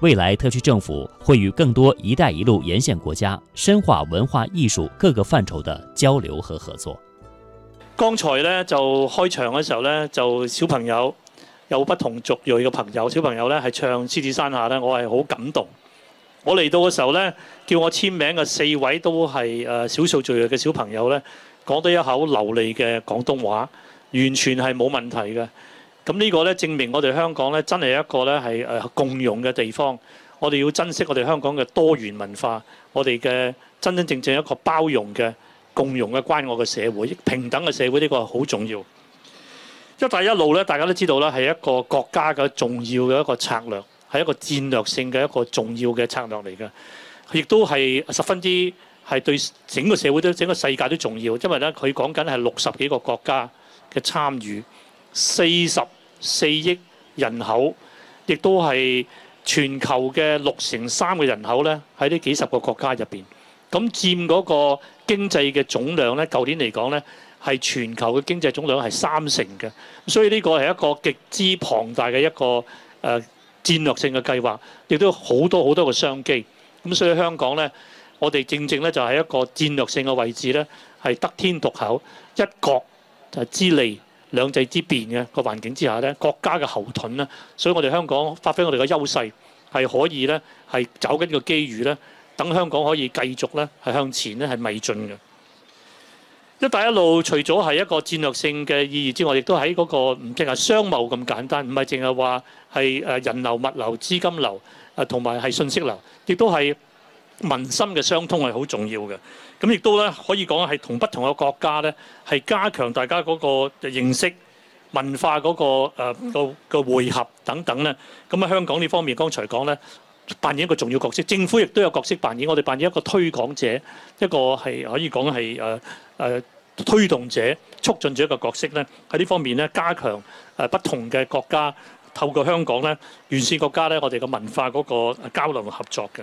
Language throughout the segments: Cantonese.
未來特區政府會與更多“一帶一路”沿線國家深化文化藝術各個範疇的交流和合作。剛才咧就開場嘅時候咧，就小朋友有不同族裔嘅朋友，小朋友咧係唱《獅子山下》咧，我係好感動。我嚟到嘅時候咧，叫我簽名嘅四位都係誒少數族裔嘅小朋友咧，講得一口流利嘅廣東話，完全係冇問題嘅。咁、呢個咧證明我哋香港咧真係一個咧係誒共融嘅地方。我哋要珍惜我哋香港嘅多元文化，我哋嘅真真正正一個包容嘅共融嘅關愛嘅社會，平等嘅社會，呢個好重要。一帶一路咧，大家都知道咧係一個國家嘅重要嘅一個策略，係一個戰略性嘅一個重要嘅策略嚟嘅。亦都係十分之係對整個社會都整個世界都重要，因為咧佢講緊係六十幾個國家嘅參與，四十。四億人口，亦都係全球嘅六成三嘅人口呢，喺呢幾十個國家入邊。咁佔嗰個經濟嘅總量呢，舊年嚟講呢，係全球嘅經濟總量係三成嘅。所以呢個係一個極之龐大嘅一個誒、呃、戰略性嘅計劃，亦都好多好多嘅商機。咁所以香港呢，我哋正正呢就係一個戰略性嘅位置呢，係得天獨厚，一國就係之利。兩制之變嘅個環境之下咧，國家嘅後盾咧，所以我哋香港發揮我哋嘅優勢，係可以咧，係走緊個機遇咧，等香港可以繼續咧，係向前咧，係邁進嘅。一帶一路除咗係一個戰略性嘅意義之外，亦都喺嗰個唔淨係商貿咁簡單，唔係淨係話係誒人流、物流、資金流啊，同埋係信息流，亦都係民心嘅相通係好重要嘅。咁亦都咧，可以講係同不同嘅國家咧，係加強大家嗰個認識、文化嗰個誒個個匯合等等咧。咁喺香港呢方面剛才講咧，扮演一個重要角色，政府亦都有角色扮演，我哋扮演一個推廣者，一個係可以講係誒誒推動者、促進者一個角色咧。喺呢方面咧，加強誒不同嘅國家透過香港咧，完善國家咧，我哋嘅文化嗰個誒交流合作嘅。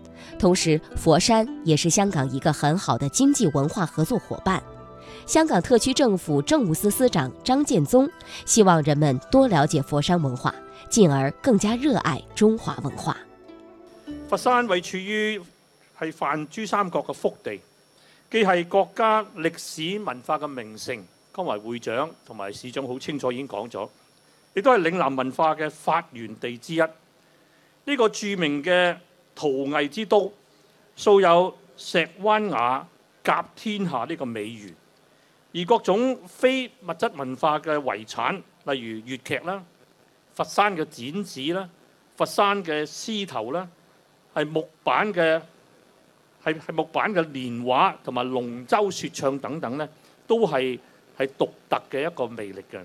同時，佛山也是香港一個很好的經濟文化合作伙伴。香港特區政府政務司司長張建宗希望人們多了解佛山文化，進而更加熱愛中華文化。佛山位處於係泛珠三角嘅腹地，既係國家歷史文化嘅名城，剛才會長同埋市長好清楚已經講咗，亦都係嶺南文化嘅發源地之一。呢個著名嘅。陶藝之都，素有石灣瓦甲天下呢個美譽。而各種非物質文化嘅遺產，例如粵劇啦、佛山嘅剪紙啦、佛山嘅獅頭啦，係木板嘅係係木板嘅年畫同埋龍舟説唱等等，呢都係係獨特嘅一個魅力嘅，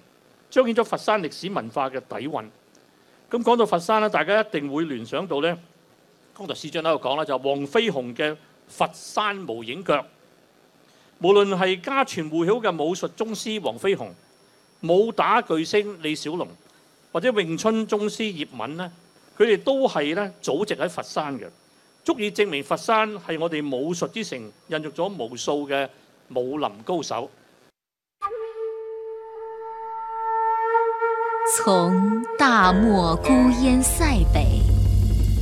彰顯咗佛山歷史文化嘅底蘊。咁講到佛山咧，大家一定會聯想到呢。剛才市長喺度講咧，就係、是、黃飛鴻嘅佛山無影腳，無論係家傳戶曉嘅武術宗師黃飛鴻、武打巨星李小龍，或者詠春宗師葉問呢，佢哋都係咧祖籍喺佛山嘅，足以證明佛山係我哋武術之城，孕育咗無數嘅武林高手。從大漠孤煙塞北。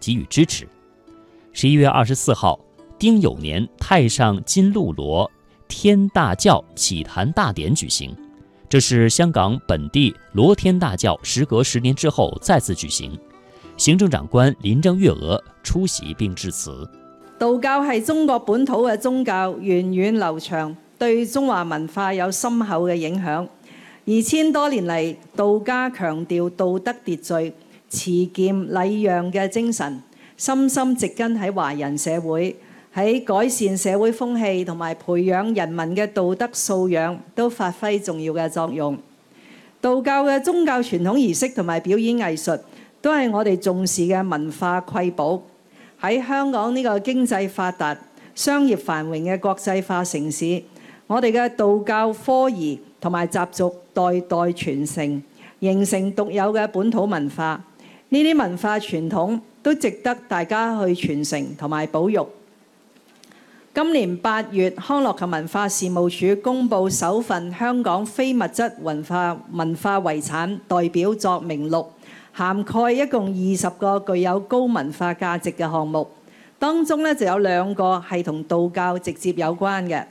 給予支持。十一月二十四號，丁酉年太上金鹿羅天大教啟壇大典舉行，這是香港本地羅天大教時隔十年之後再次舉行。行政長官林鄭月娥出席並致辭。道教係中國本土嘅宗教，源遠流長，對中華文化有深厚嘅影響。二千多年嚟，道家強調道德秩序。慈儉禮讓嘅精神深深植根喺華人社會，喺改善社會風氣同埋培養人民嘅道德素養都發揮重要嘅作用。道教嘅宗教傳統儀式同埋表演藝術都係我哋重視嘅文化瑰寶。喺香港呢個經濟發達、商業繁榮嘅國際化城市，我哋嘅道教科儀同埋習俗代代傳承，形成獨有嘅本土文化。呢啲文化傳統都值得大家去傳承同埋保育。今年八月，康樂及文化事務署公布首份香港非物質文化文化遺產代表作名錄，涵蓋一共二十個具有高文化價值嘅項目。當中呢就有兩個係同道教直接有關嘅。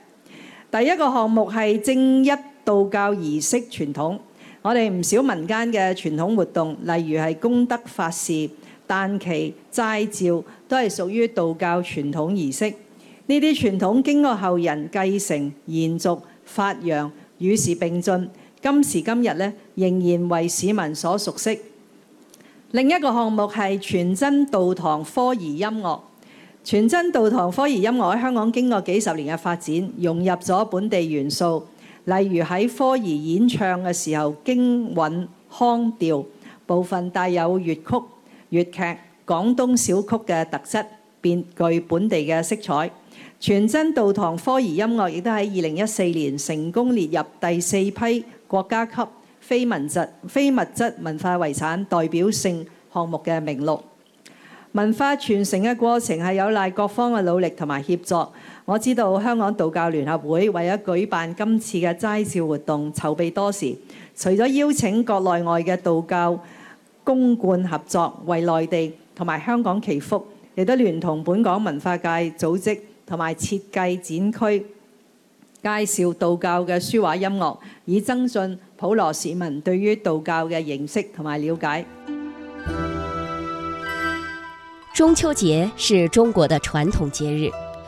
第一個項目係正一道教儀式傳統。我哋唔少民間嘅傳統活動，例如係功德法事、誕期齋醮，都係屬於道教傳統儀式。呢啲傳統經過後人繼承、延續、發揚，與時並進。今時今日咧，仍然為市民所熟悉。另一個項目係全真道堂科儀音樂。全真道堂科儀音樂喺香港經過幾十年嘅發展，融入咗本地元素。例如喺科儀演唱嘅時候，經韻腔調部分帶有粵曲、粵劇、廣東小曲嘅特質，別具本地嘅色彩。全真道堂科儀音樂亦都喺二零一四年成功列入第四批國家級非文質非物質文化遺產代表性項目嘅名錄。文化傳承嘅過程係有賴各方嘅努力同埋協作。我知道香港道教聯合會為咗舉辦今次嘅齋醮活動籌備多時，除咗邀請國內外嘅道教宮觀合作為內地同埋香港祈福，亦都聯同本港文化界組織同埋設計展區，介紹道教嘅書畫音樂，以增進普羅市民對於道教嘅認識同埋了解。中秋節是中國嘅傳統節日。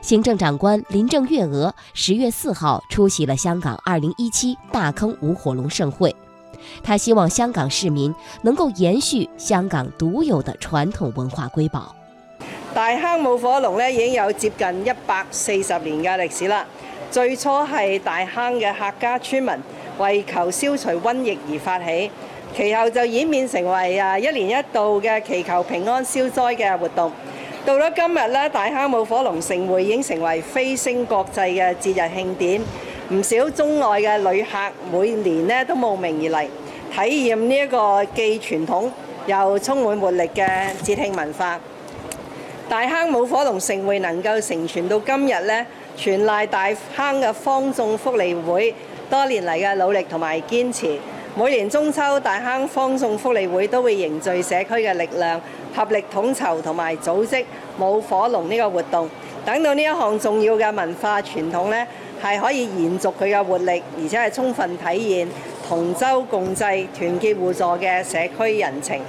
行政長官林鄭月娥十月四號出席了香港二零一七大坑舞火龍盛會，她希望香港市民能夠延續香港獨有的傳統文化瑰寶。大坑舞火龍咧已經有接近一百四十年嘅歷史啦，最初係大坑嘅客家村民為求消除瘟疫而發起，其後就演變成為啊一年一度嘅祈求平安消災嘅活動。到咗今日咧，大坑舞火龍盛會已經成為蜚聲國際嘅節日慶典，唔少中外嘅旅客每年咧都慕名而嚟體驗呢一個既傳統又充滿活力嘅節慶文化。大坑舞火龍盛會能夠承傳到今日咧，全賴大坑嘅坊眾福利會多年嚟嘅努力同埋堅持。每年中秋，大坑坊眾福利會都會凝聚社區嘅力量，合力統籌同埋組織舞火龍呢個活動。等到呢一項重要嘅文化傳統咧，係可以延續佢嘅活力，而且係充分體現同舟共濟、團結互助嘅社區人情。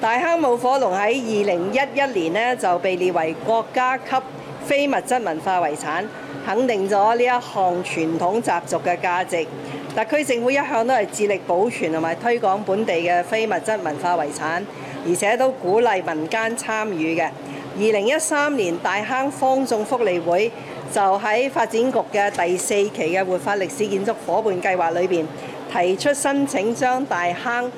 大坑舞火龍喺二零一一年咧就被列為國家級非物質文化遺產，肯定咗呢一項傳統習俗嘅價值。特區政府一向都係致力保存同埋推廣本地嘅非物質文化遺產，而且都鼓勵民間參與嘅。二零一三年，大坑方眾福利會就喺發展局嘅第四期嘅活化歷史建築伙伴計劃裏面提出申請，將大坑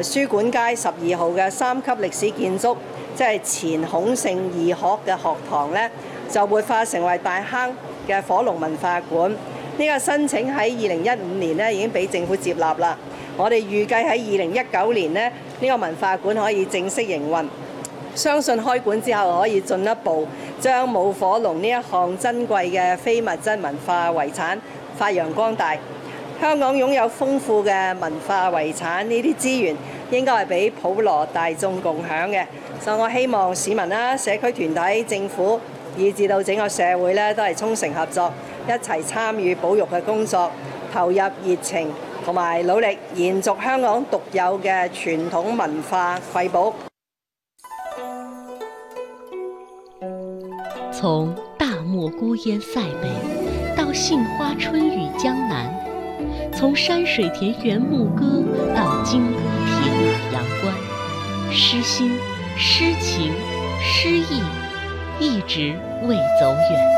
誒書館街十二號嘅三級歷史建築，即係前孔聖義學嘅學堂咧，就活化成為大坑嘅火龍文化館。呢個申請喺二零一五年咧已經俾政府接納啦。我哋預計喺二零一九年咧，呢個文化館可以正式營運。相信開館之後可以進一步將舞火龍呢一項珍貴嘅非物質文化遺產發揚光大。香港擁有豐富嘅文化遺產呢啲資源，應該係俾普羅大眾共享嘅。所以我希望市民啦、啊、社區團體、政府，以至到整個社會咧，都係衷誠合作。一齊參與保育嘅工作，投入熱情同埋努力，延續香港獨有嘅傳統文化瑰寶。從大漠孤煙塞北到杏花春雨江南，從山水田園牧歌到金戈鐵馬陽關，詩心、詩情、詩意一直未走遠。